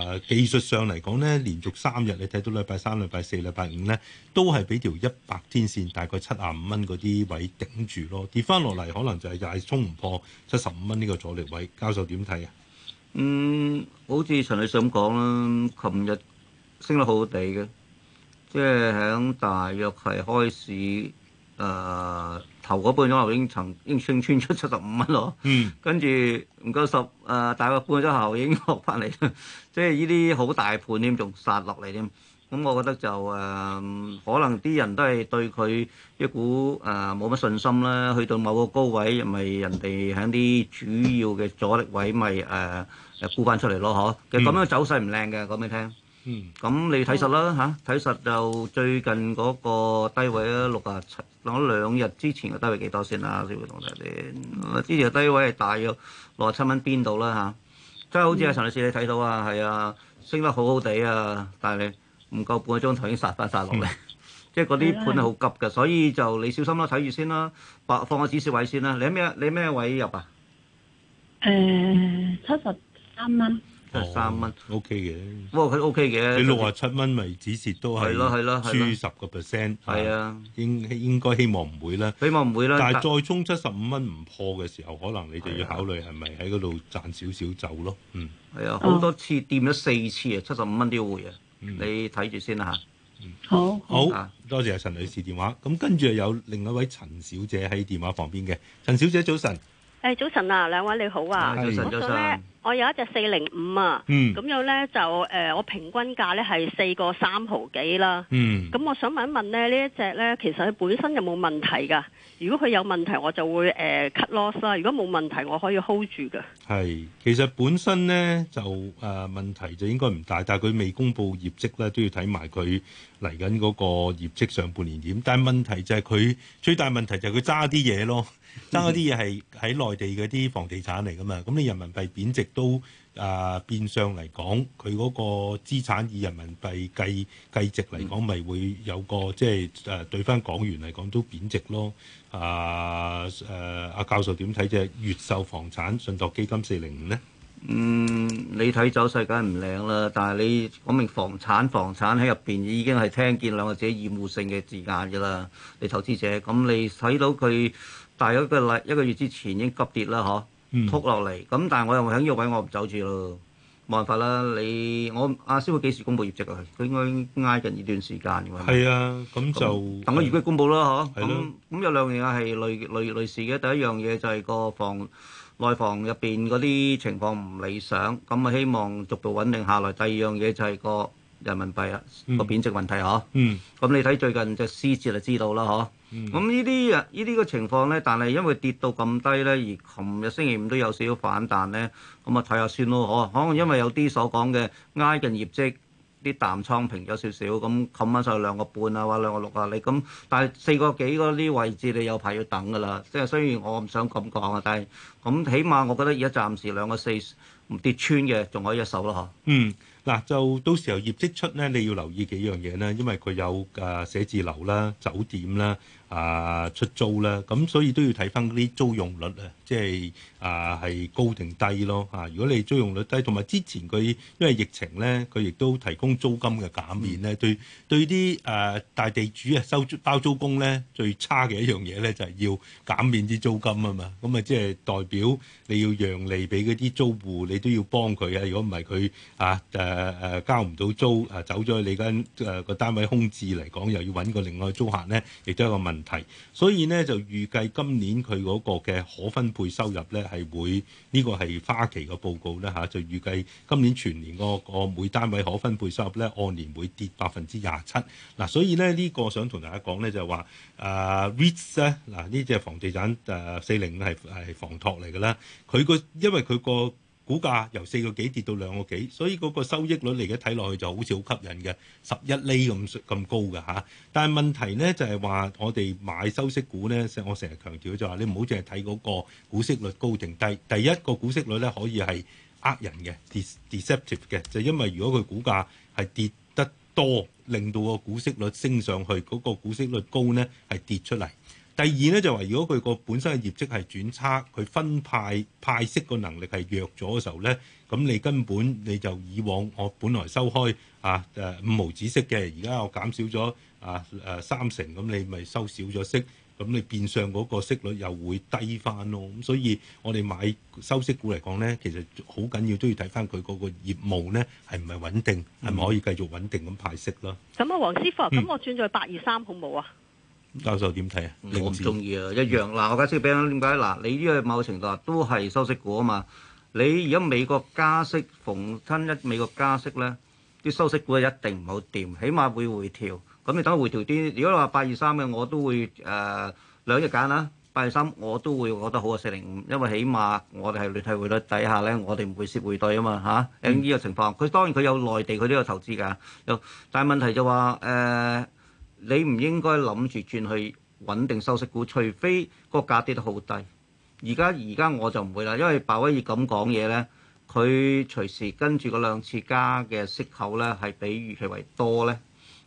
呃、技術上嚟講咧，連續三日你睇到禮拜三、禮拜四、禮拜五咧，都係俾條一百天線大概七十五蚊嗰啲位頂住咯，跌翻落嚟可能就係又係衝唔破七十五蚊呢個阻力位。教授點睇啊？嗯，好似陳律想講啦，琴日升得好好地嘅，即係喺大約係開市。誒、呃、頭嗰半鐘頭已經曾已經升穿咗七十五蚊咯，嗯、跟住唔夠十誒、呃、大約半鐘後已經落翻嚟，即係呢啲好大盤添，仲殺落嚟添，咁我覺得就誒、呃、可能啲人都係對佢一股誒冇乜信心啦，去到某個高位，咪人哋喺啲主要嘅阻力位咪誒沽翻出嚟咯，嗬、呃，其實咁樣走勢唔靚嘅，講俾你聽。咁你睇實啦嚇，睇實就最近嗰個低位咧六啊七，講兩日之前嘅低位幾多先啊？小慧同大家啲。之前低位係大約六啊七蚊邊度啦吓，即、嗯、係、嗯、好似阿陳女士你睇到啊？係啊，升得好好地啊，但係你唔夠半個鐘頭已經殺翻曬落嚟，即係嗰啲盤係好急嘅，的所以就你小心咯，睇住先啦，八放個指示位先啦。你咩你咩位入啊？誒七十三蚊。七三蚊，OK 嘅。不過佢 OK 嘅。你六或七蚊咪止蝕都係咯，係咯，輸十個 percent。係啊，應應該希望唔會啦。希望唔會啦。但係再衝七十五蚊唔破嘅時候，可能你就要考慮係咪喺嗰度賺少少走咯。嗯。係啊，好多次掂咗四次啊，七十五蚊都要回啊。你睇住先啦吓，好。好。多謝阿陳女士電話。咁跟住有另一位陳小姐喺電話旁邊嘅。陳小姐早晨。誒，早晨啊，兩位你好啊。早晨，早晨。我有一隻四零五啊，咁樣咧就誒，我平均價咧係四個三毫幾啦。咁我想問一問咧，呢一隻咧其實佢本身有冇問題噶如果佢有問題，我就會誒 cut loss 啦。如果冇問題，我可以 hold 住噶。係，其實本身咧就誒問題就應該唔大，但係佢未公布業績咧都要睇埋佢嚟緊嗰個業績上半年點。但係問題就係佢最大問題就係佢揸啲嘢咯。爭嗰啲嘢係喺內地嗰啲房地產嚟㗎嘛？咁你人民幣貶值都啊、呃、變相嚟講，佢嗰個資產以人民幣計計值嚟講，咪會有個即係誒對翻港元嚟講都貶值咯。啊誒，阿、啊、教授點睇即係越秀房產信託基金四零五咧？嗯，你睇走勢梗係唔靚啦，但係你講明房產房產喺入邊已經係聽見兩個字厭惡性嘅字眼㗎啦，你投資者咁你睇到佢。大約有一個一個月之前已經急跌啦，嗬，撲落嚟。咁但係我又喺呢個位，我唔走住咯，冇辦法啦。你我阿肖會幾時公佈業績啊？佢應該挨近呢段時間。係啊，咁就等我業績公佈啦，吓，咁咁有兩樣嘢係類類類似嘅。第一樣嘢就係個房內房入邊嗰啲情況唔理想，咁啊希望逐步穩定下來。第二樣嘢就係個。人民幣啊個貶值問題嗬、啊，咁你睇最近隻市字就知道啦嗬。咁呢啲啊呢啲嘅情況咧，但係因為跌到咁低咧，而琴日星期五都有少少反彈咧，咁啊睇下算咯嗬。可能因為有啲所講嘅挨近業績啲淡倉平咗少少，咁冚翻上去兩個半啊，或者兩個六啊，你、嗯、咁但係四個幾嗰啲位置你有排要等噶啦。即係雖然我唔想咁講啊，但係咁、嗯、起碼我覺得而家暫時兩個四唔跌穿嘅仲可以一手咯、啊、嗬。嗯。嗱，就到時候業績出咧，你要留意幾樣嘢啦，因為佢有誒寫字樓啦、酒店啦。啊出租啦，咁、嗯、所以都要睇翻啲租用率啊，即係啊係高定低咯嚇。如果你租用率低，同埋之前佢因為疫情咧，佢亦都提供租金嘅減免咧、嗯，對對啲誒大地主啊收包租公咧最差嘅一樣嘢咧就係、是、要減免啲租金啊嘛。咁啊即係代表你要讓利俾嗰啲租戶，你都要幫佢啊。如果唔係佢啊誒誒、啊、交唔到租啊走咗，你間誒個單位空置嚟講，又要揾個另外租客咧，亦都係一個問題。問題，所以咧就預計今年佢嗰個嘅可分配收入咧係會呢，這個係花旗嘅報告咧嚇，啊，就預計今年全年個個每單位可分配收入咧按年會跌百分之廿七。嗱，啊，所以咧呢，這個想同大家講咧就係，是，話，啊 Rich 咧嗱，呢隻房地產誒四零五係係房託嚟㗎啦，佢個因為佢個。股價由四個幾跌到兩個幾，所以嗰個收益率嚟嘅睇落去就好似好吸引嘅十一厘咁咁高嘅吓。但係問題呢就係話我哋買收息股呢，我成日強調就係話你唔好淨係睇嗰個股息率高定低。第一個股息率呢可以係呃人嘅，deceptive 嘅，就因為如果佢股價係跌得多，令到個股息率升上去，嗰個股息率高呢係跌出嚟。第二咧就話，如果佢個本身嘅業績係轉差，佢分派派息個能力係弱咗嘅時候咧，咁你根本你就以往我本來收開啊誒五毫紙息嘅，而家我減少咗啊誒、啊、三成，咁你咪收少咗息，咁你變相嗰個息率又會低翻咯。咁所以我哋買收息股嚟講咧，其實好緊要都要睇翻佢嗰個業務咧係唔係穩定，係咪、嗯、可以繼續穩定咁派息咯。咁啊、嗯，黃師傅，咁我轉咗八二三好冇啊？教授點睇啊？我唔中意啊，一樣嗱，我解釋俾你點解嗱，你呢個某程度啊都係收息股啊嘛。你而家美國加息逢親一，美國加息咧，啲收息股啊一定唔好掂，起碼會回調。咁你等佢回調啲，如果你話八二三嘅，我都會誒兩日揀啦。八二三我都會覺得好過四零五，因為起碼我哋係聯繫匯率底下咧，我哋唔會蝕匯兌啊嘛嚇。呢個情況，佢當然佢有內地，佢都有投資㗎，又但係問題就話誒。你唔應該諗住轉去穩定收息股，除非個價跌得好低。而家而家我就唔會啦，因為鮑威爾咁講嘢呢，佢隨時跟住個兩次加嘅息口呢，係比預期為多呢。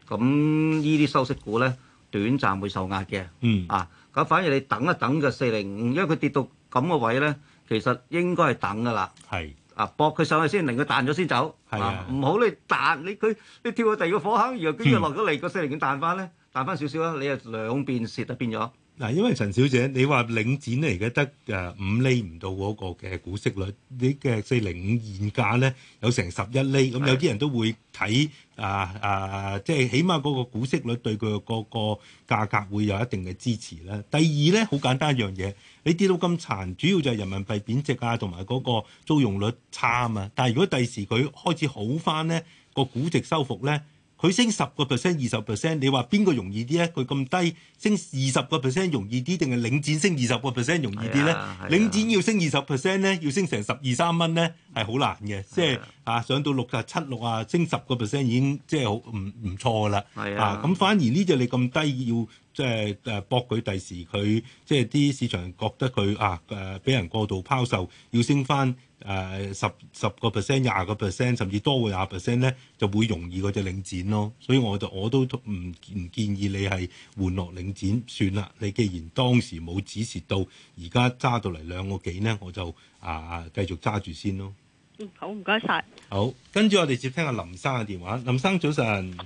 咁呢啲收息股呢，短暫會受壓嘅。嗯啊，咁反而你等一等就四零五，因為佢跌到咁嘅位呢，其實應該係等噶啦。係。啊，搏佢上去先，令佢彈咗先走。的啊，唔好你彈你佢，你跳去第二個火坑，然後跟住落咗嚟個四釐卷彈翻咧，彈翻少少啦，你就兩邊蝕啊，變咗。嗱，因為陳小姐你話領展咧，而家得誒五厘唔到嗰個嘅股息率，你嘅四零五現價咧有成十一厘，咁有啲人都會睇啊啊，即係起碼嗰個股息率對佢個個價格會有一定嘅支持啦。第二咧，好簡單一樣嘢，你跌到咁殘，主要就係人民幣貶值啊，同埋嗰個租用率差啊嘛。但係如果第時佢開始好翻咧，個股值收復咧。佢升十個 percent、二十 percent，你話邊個容易啲啊？佢咁低升二十個 percent 容易啲，定係領展升二十個 percent 容易啲咧？領展要升二十 percent 咧，要升成十二三蚊咧，係好難嘅。即係呀啊，上到六啊七六啊，升十個 percent 已經即係好唔唔錯㗎啦。係呀啊，咁反而呢隻你咁低要。即係誒，博佢第時佢即係啲市場覺得佢啊誒，俾人過度拋售，要升翻誒十十個 percent、廿個 percent，甚至多過廿 percent 咧，就會容易嗰隻領展咯。所以我就我都唔唔建議你係換落領展算啦。你既然當時冇指示到，而家揸到嚟兩個幾咧，我就啊繼續揸住先咯。嗯，好，唔該晒，好，跟住我哋接聽阿林生嘅電話。林生早晨。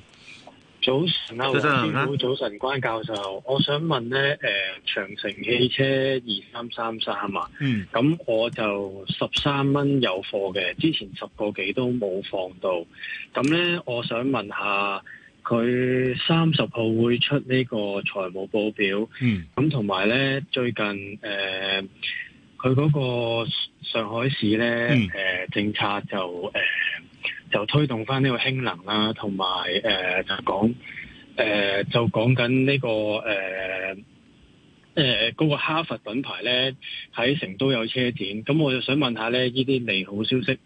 早晨啊，先生啊！早晨，關教授，我想問咧，誒、呃，長城汽車二三三三啊，咁、嗯、我就十三蚊有貨嘅，之前十個幾都冇放到，咁咧我想問下佢三十號會出呢個財務報表，嗯，咁同埋咧最近誒，佢、呃、嗰個上海市咧誒、嗯呃、政策就誒。呃就推動翻呢個氫能啦、啊，同埋誒就講誒、呃、就講緊、這、呢個誒誒嗰個哈佛品牌咧喺成都有車展，咁我就想問下咧，呢啲利好消息誒、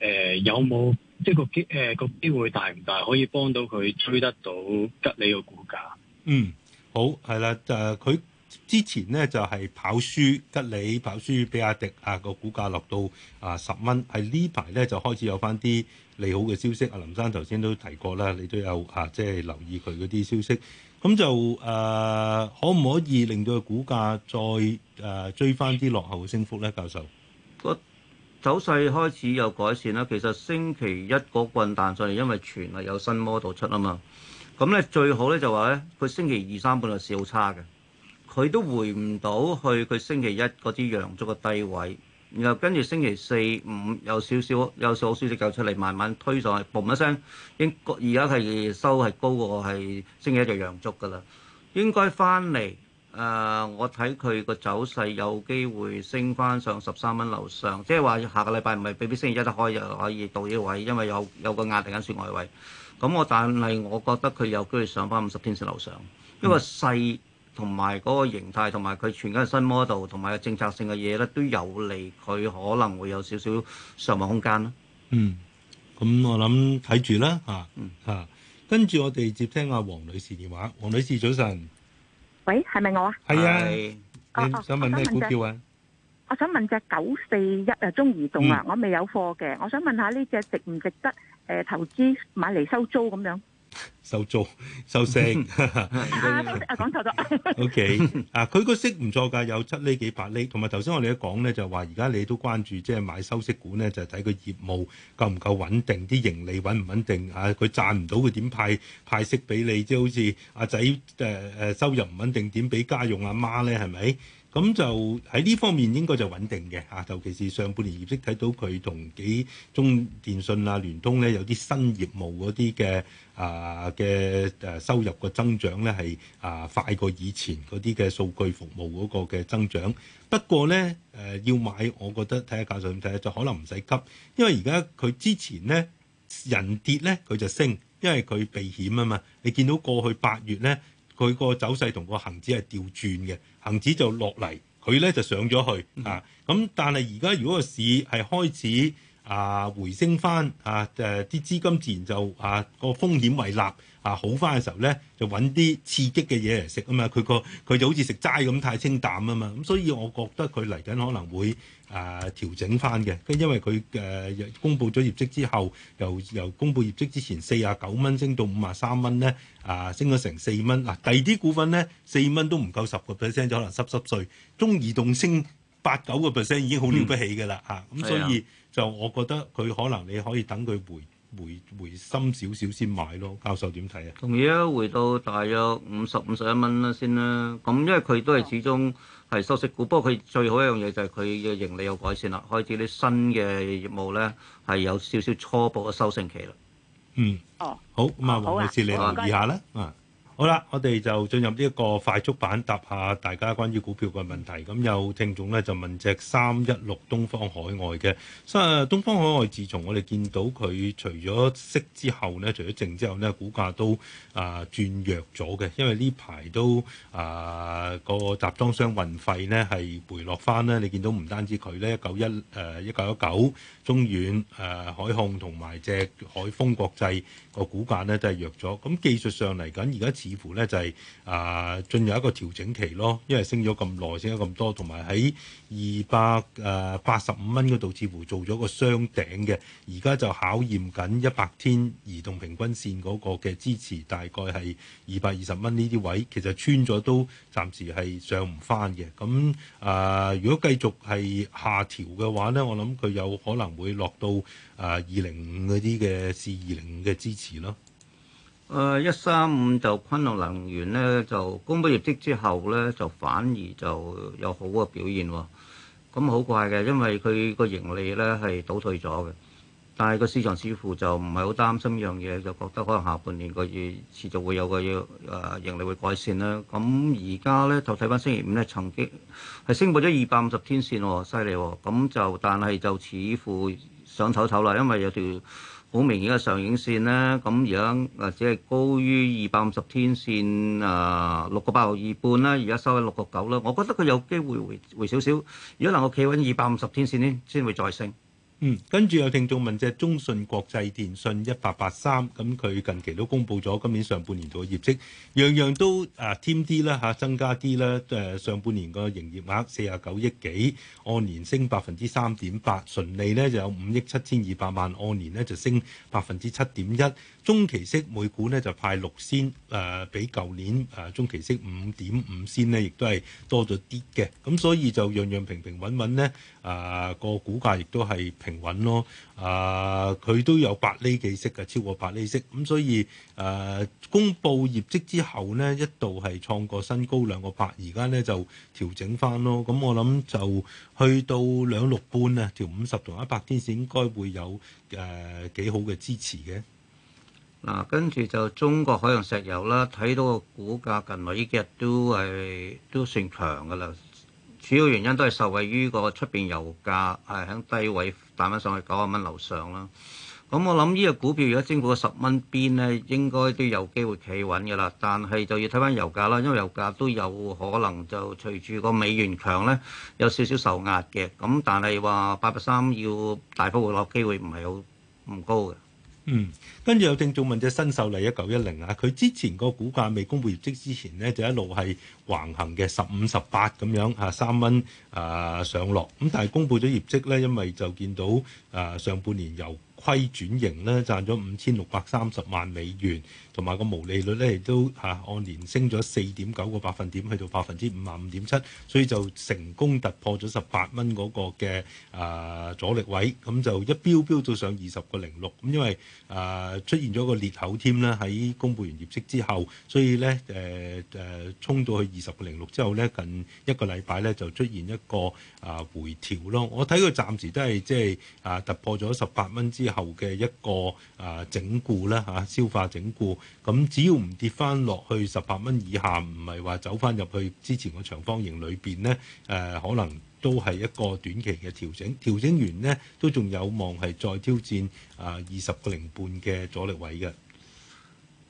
呃、有冇即係個機誒個、呃、機會大唔大，可以幫到佢追得到吉利個股價？嗯，好，係啦、呃，就佢之前咧就係跑輸吉利，跑輸比亞迪啊，個股價落到啊十蚊，係呢排咧就開始有翻啲。利好嘅消息，阿林生頭先都提過啦，你都有嚇即係留意佢嗰啲消息，咁就誒、啊、可唔可以令到個股價再誒、啊、追翻啲落後嘅升幅呢？教授？個走勢開始有改善啦，其實星期一個棍彈上嚟，因為全係有新 model 出啊嘛，咁咧最好咧就話咧，佢星期二三本係試好差嘅，佢都回唔到去佢星期一嗰啲陽燭嘅低位。然後跟住星期四五有少少，有少少消息就出嚟，慢慢推上去嘣一聲，應而家係收係高過，係星期一就陽燭㗎啦。應該翻嚟，誒、呃，我睇佢個走勢有機會升翻上十三蚊樓上，即係話下個禮拜唔係未必星期一開又可以到呢個位，因為有有個壓定緊選外位。咁我但係我覺得佢有機會上翻五十天線樓上，因為細。嗯同埋嗰個形態，同埋佢全新嘅 model，同埋政策性嘅嘢咧，都有利，佢可能會有少少上行空間咯。嗯，咁我諗睇住啦，嚇嚇。跟住我哋接聽阿王女士電話。王女士早晨，喂，係咪我啊？係啊，你想問咩股票啊？我想問隻九四一啊，中移動啊，我未有貨嘅，我想問下呢隻值唔值得誒投資買嚟收租咁樣？收租收息啊！講錯咗。O K 啊，佢個、 [laughs] okay, 啊、息唔錯噶，有七厘幾八厘。同埋頭先我哋講咧，就話而家你都關注即係買收息股咧，就睇、係、佢業務夠唔夠穩定，啲盈利穩唔穩定啊？佢賺唔到，佢點派派息俾你？即係好似阿仔誒誒，收入唔穩定，點俾家用阿媽咧？係咪？咁就喺呢方面應該就穩定嘅嚇，尤其是上半年業績睇到佢同幾中電信啊、聯通咧有啲新業務嗰啲嘅啊嘅誒收入個增長咧係啊快過以前嗰啲嘅數據服務嗰個嘅增長。不過咧誒、呃、要買，我覺得睇下教上，點睇就可能唔使急，因為而家佢之前咧人跌咧佢就升，因為佢避險啊嘛。你見到過去八月咧。佢個走勢同個恆指係調轉嘅，恆指就落嚟，佢咧就上咗去啊！咁但係而家如果個市係開始。啊，回升翻啊！誒，啲資金自然就啊，個風險胃納啊，好翻嘅時候咧，就揾啲刺激嘅嘢嚟食啊嘛！佢個佢就好似食齋咁，太清淡啊嘛！咁所以，我覺得佢嚟緊可能會啊調整翻嘅，因為佢誒、啊、公佈咗業績之後，由由公佈業績之前四十九蚊升到五十三蚊咧，啊升咗成四蚊嗱。第二啲股份咧，四蚊都唔夠十個 percent，就可能濕濕碎。中移動升八九個 percent 已經好了不起嘅啦嚇，咁、啊啊、所以。就我覺得佢可能你可以等佢回回回深少少先買咯，教授點睇啊？同意啊，回到大約五十五十一蚊啦先啦，咁因為佢都係始終係收息股，不過佢最好一樣嘢就係佢嘅盈利有改善啦，開始啲新嘅業務咧係有少少初步嘅收成期啦。嗯。哦。好，咁啊，黃志你留意下咧。啊。好啦，我哋就進入呢一個快速版答下大家關於股票嘅問題。咁有聽眾咧就問隻三一六東方海外嘅，所以東方海外自從我哋見到佢除咗息之後呢，除咗淨之後呢，股價都啊、呃、轉弱咗嘅。因為呢排都啊個、呃、集裝箱運費呢係回落翻。呢你見到唔單止佢呢，一九一誒一九一九中遠誒、呃、海控同埋隻海豐國際個股價呢，都係弱咗。咁技術上嚟緊，而家似乎咧就係、是、啊、呃、進入一個調整期咯，因為升咗咁耐，升咗咁多，同埋喺二百誒八十五蚊嗰度，似乎做咗個雙頂嘅。而家就考驗緊一百天移動平均線嗰個嘅支持，大概係二百二十蚊呢啲位，其實穿咗都暫時係上唔返嘅。咁啊、呃，如果繼續係下調嘅話咧，我諗佢有可能會落到啊二零五嗰啲嘅試二零五嘅支持咯。誒一三五就昆侖能，能源呢，就公布業績之後呢，就反而就有好嘅表現喎。咁、嗯、好怪嘅，因為佢個盈利呢係倒退咗嘅。但係個市場似乎就唔係好擔心一樣嘢，就覺得可能下半年個月持續會有個要誒盈利會改善啦。咁而家呢，就睇翻星期五呢，曾經係升過咗二百五十天線喎，犀利喎。咁、嗯、就但係就似乎想唞唞啦，因為有條。好明顯嘅上影線啦。咁而家只係高於二百五十天線啊六個八毫二半啦，而家收喺六個九啦。我覺得佢有機會回回少少，如果能夠企穩二百五十天線咧，先會再升。嗯，跟住有聽眾問就係中信國際電訊一八八三，咁佢近期都公布咗今年上半年度嘅業績，樣樣都添啊添啲啦嚇，增加啲啦，誒、啊、上半年個營業額四十九億幾，按年升百分之三點八，純利呢就有五億七千二百萬，按年呢就升百分之七點一，中期息每股呢就派六仙，誒、啊、比舊年誒、啊、中期息五點五仙呢亦都係多咗啲嘅，咁所以就樣樣平平穩穩呢，啊個股價亦都係平。穩咯，啊、嗯，佢都有百厘幾息嘅，超過百厘息，咁、嗯、所以，誒、呃，公布業績之後呢，一度係創過新高兩個百，而家呢就調整翻咯，咁、嗯、我諗就去到兩六半啊，條五十同一百天線應該會有誒幾、呃、好嘅支持嘅。嗱，跟住就中國海洋石油啦，睇到個股價近嚟呢幾日都係都算強噶啦。主要原因都係受惠於個出邊油價係喺低位彈翻上去九十蚊樓上啦。咁我諗呢個股票如果升過十蚊邊咧，應該都有機會企穩嘅啦。但係就要睇翻油價啦，因為油價都有可能就隨住個美元強咧，有少少受壓嘅。咁但係話八百三要大幅回落，機會唔係好唔高嘅。嗯，跟住有聽眾問隻新秀麗一九一零啊，佢之前個股價未公布業績之前呢，就一路係橫行嘅十五十八咁樣啊三蚊啊，啊上落，咁但係公布咗業績呢，因為就見到啊上半年有。虧轉盈咧，賺咗五千六百三十萬美元，同埋個毛利率咧亦都嚇按年升咗四點九個百分點，去到百分之五十五點七，所以就成功突破咗十八蚊嗰個嘅啊、呃、阻力位，咁就一飆飆到上二十個零六，咁因為啊、呃、出現咗個裂口添啦，喺公佈完業績之後，所以咧誒誒衝到去二十個零六之後咧，近一個禮拜咧就出現一個啊回調咯。我睇佢暫時都係即係啊突破咗十八蚊之後。後嘅一個啊整固啦吓、啊、消化整固，咁只要唔跌翻落去十八蚊以下，唔係話走翻入去之前個長方形裏邊呢，誒、啊、可能都係一個短期嘅調整，調整完呢，都仲有望係再挑戰啊二十個零半嘅阻力位嘅。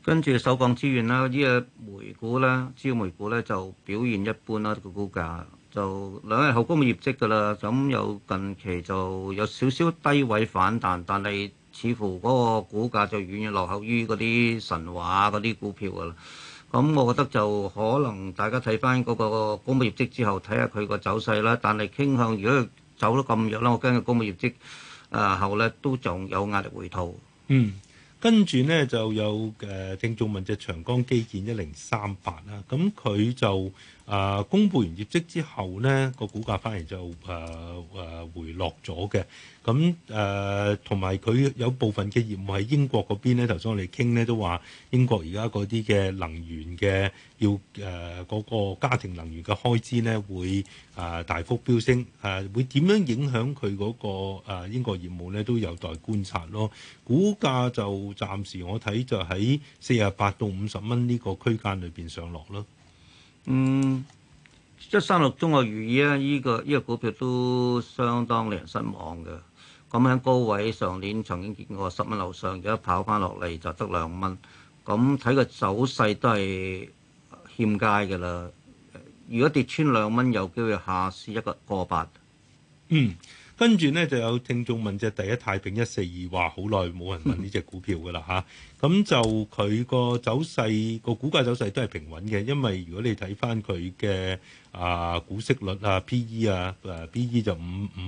跟住首鋼資源啦，呢個煤股啦，主要煤股呢，就表現一般啦個股價。就兩日後公布業績㗎啦，咁有近期就有少少低位反彈，但係似乎嗰個股價就遠遠落後於嗰啲神話嗰啲股票㗎啦。咁我覺得就可能大家睇翻嗰個公布業績之後，睇下佢個走勢啦。但係傾向如果佢走得咁弱啦，我驚佢公布業績啊後咧都仲有壓力回吐。嗯，跟住呢就有誒聽眾問隻長江基建一零三八啦，咁佢就。啊！公布完業績之後呢個股價反而就誒誒、啊啊、回落咗嘅。咁誒同埋佢有部分嘅業務喺英國嗰邊咧，頭先我哋傾呢都話英國而家嗰啲嘅能源嘅要誒嗰、啊、個,個家庭能源嘅開支呢會啊大幅飆升，誒、啊、會點樣影響佢嗰、嗰個、啊、英國業務呢都有待觀察咯。股價就暫時我睇就喺四十八到五十蚊呢個區間裏邊上落咯。嗯，一三六中國儒意咧，依、這個依、這個股票都相當令人失望嘅。咁喺高位，上年曾經見過十蚊樓上，而家跑翻落嚟就得兩蚊。咁睇個走勢都係欠佳嘅啦。如果跌穿兩蚊，有機會下試一個過八。嗯，跟住呢就有聽眾問隻第一太平一四二，話好耐冇人問呢隻股票嘅啦嚇。 [laughs] 咁就佢個走勢，個股價走勢都係平穩嘅，因為如果你睇翻佢嘅啊股息率啊 P/E 啊誒 P/E 就五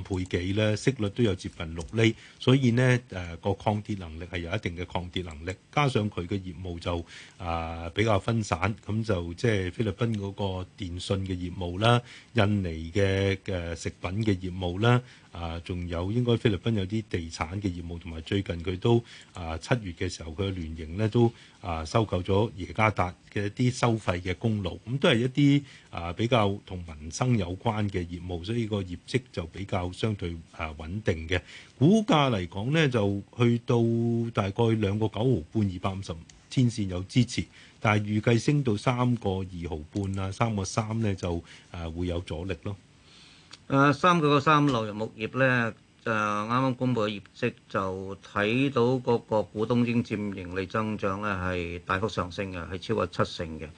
五倍幾咧，息率都有接近六釐，所以咧誒個抗跌能力係有一定嘅抗跌能力，加上佢嘅業務就啊比較分散，咁就即係菲律賓嗰個電信嘅業務啦、印尼嘅嘅食品嘅業務啦，啊仲有應該菲律賓有啲地產嘅業務，同埋最近佢都啊七月嘅時候佢。原營呢都啊收購咗雅加達嘅一啲收費嘅公路，咁都係一啲啊比較同民生有關嘅業務，所以個業績就比較相對啊穩定嘅。股價嚟講呢，就去到大概兩個九毫半，二百五十天線有支持，但係預計升到三個二毫半啊，三個三呢就啊會有阻力咯。誒三個三，流入木業呢。誒啱啱公布嘅業績就睇到嗰個股東應佔盈利增長咧係大幅上升嘅，係超過七成嘅。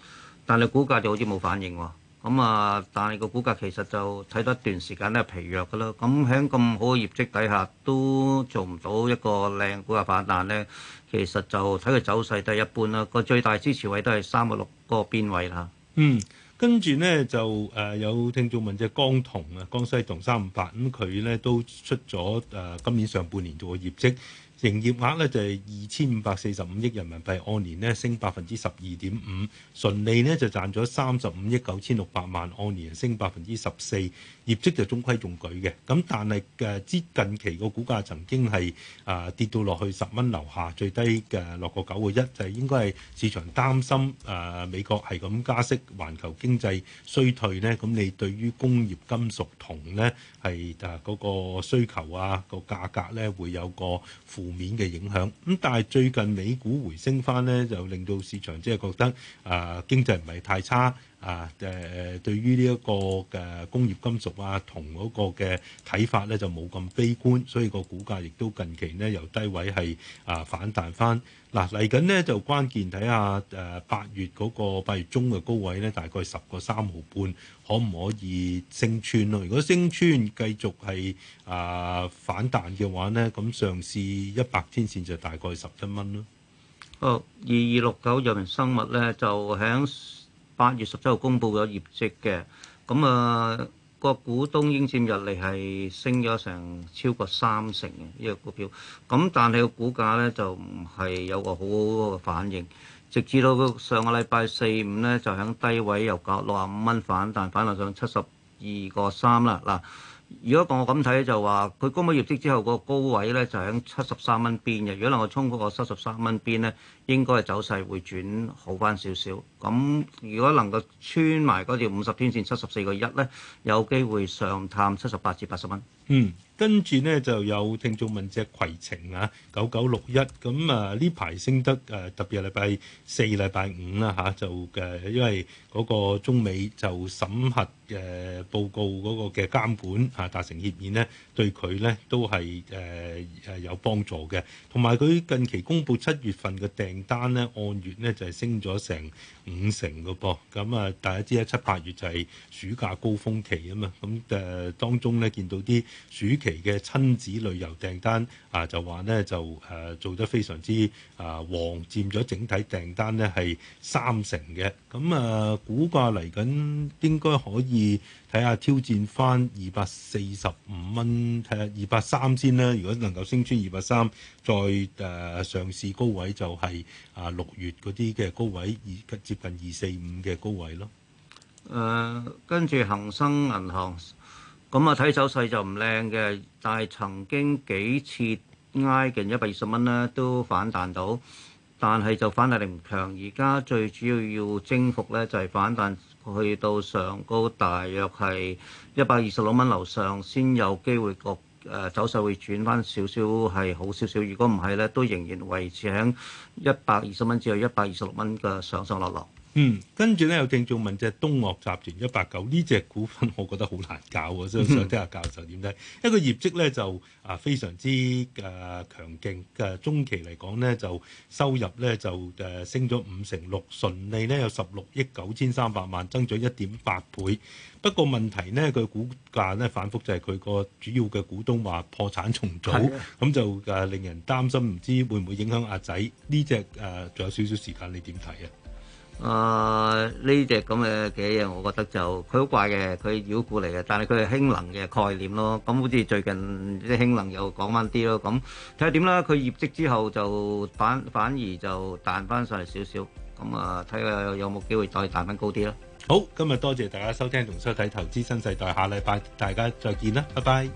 但係股價就好似冇反應喎。咁啊，但係個股價其實就睇到一段時間咧係疲弱㗎喇。咁喺咁好嘅業績底下都做唔到一個靚股價反彈咧，其實就睇佢走勢都係一般啦。個最大支持位都係三個六個邊位啦。嗯。跟住咧就誒有、呃、聽眾問即係江銅啊，江西銅三五八，咁佢咧都出咗誒、呃、今年上半年度嘅業績。營業額咧就係二千五百四十五億人民幣，按年咧升百分之十二點五，純利呢，就賺咗三十五億九千六百萬，按年升百分之十四，業績就中規中矩嘅。咁但係嘅之近期個股價曾經係啊跌到落去十蚊樓下，最低嘅落過九個一，1，就係應該係市場擔心啊美國係咁加息，環球經濟衰退呢，咁你對於工業金屬銅呢，係啊嗰個需求啊、嗰個價格呢，會有個負面嘅影響，咁但係最近美股回升翻咧，就令到市場即係覺得啊、呃、經濟唔係太差。啊，誒對於呢、這、一個嘅、啊、工業金屬啊，同嗰個嘅睇法咧，就冇咁悲觀，所以個股價亦都近期呢，由低位係啊反彈翻嗱嚟緊呢，就關鍵睇下誒八月嗰、那個八月中嘅高位呢，大概十個三毫半，可唔可以升穿咯？如果升穿繼續係啊反彈嘅話呢，咁上試一百天線就大概十一蚊咯。哦，二二六九藥明生物呢，就喺，八月十七號公佈咗業績嘅，咁啊、嗰個股東應佔溢利係升咗成超過三成嘅呢、呢個股票，咁但係個股價咧就唔係有個好好嘅反應，直至到個上個禮拜四五咧就喺低位又由六十五蚊反彈，反彈上七十二個三啦嗱。如果當我咁睇就話佢公布業績之後個高位咧就喺七十三蚊邊嘅，如果能夠衝嗰個七十三蚊邊咧，應該係走勢會轉好返少少。咁如果能夠穿埋嗰條五十天線七十四個一咧，有機會上探七十八至八十蚊。嗯，跟住呢，就有聽眾問隻攜程啊，九九六一咁啊呢排升得誒、啊、特別係禮拜四、禮拜五啦嚇、啊，就嘅、啊、因為嗰個中美就審核誒、啊、報告嗰個嘅監管嚇、啊、達成協議呢，對佢呢都係誒誒有幫助嘅。同埋佢近期公布七月份嘅訂單呢，按月呢就係、是、升咗成五成嘅噃。咁啊大家知啊，七八月就係暑假高峰期啊嘛，咁、啊、誒、啊啊、當中呢，見到啲。暑期嘅親子旅遊訂單啊，就話呢就誒、啊、做得非常之啊旺，佔咗整體訂單呢係三成嘅。咁啊，股價嚟緊應該可以睇下挑戰翻二百四十五蚊，睇下二百三先啦。如果能夠升穿二百三，再誒、啊、上市高位就係、是、啊六月嗰啲嘅高位，二接近二四五嘅高位咯。誒、呃，跟住恒生銀行。咁啊，睇走勢就唔靚嘅，但係曾經幾次挨近一百二十蚊呢，都反彈到，但係就反彈力唔強。而家最主要要征服呢，就係、是、反彈去到上高，大約係一百二十六蚊樓上，先有機會個誒走勢會轉翻少少係好少少。如果唔係呢，都仍然維持喺一百二十蚊至到一百二十六蚊嘅上上落落。嗯，跟住咧有聽眾問隻東岳集團一八九呢隻股份，我覺得好難搞喎。想，想聽下教授點睇？ [laughs] 一個業績咧就啊非常之誒、呃、強勁嘅、呃，中期嚟講咧就收入咧就誒、呃、升咗五成六，純利咧有十六億九千三百萬，增長一點八倍。不過問題呢，佢股價咧反覆就係佢個主要嘅股東話破產重組，咁的、嗯、就誒、呃、令人擔心，唔知會唔會影響阿仔呢隻誒？仲、呃、有少少時間你，你點睇啊？啊！呢隻咁嘅幾樣我覺得就佢好怪嘅，佢妖股嚟嘅，但係佢係氫能嘅概念咯。咁好似最近啲氫能又講翻啲咯。咁睇下點啦？佢業績之後就反反而就彈翻上嚟少少。咁啊，睇下有冇機會再彈翻高啲咯。好，今日多謝大家收聽同收睇《投資新世代》，下禮拜大家再見啦，拜拜。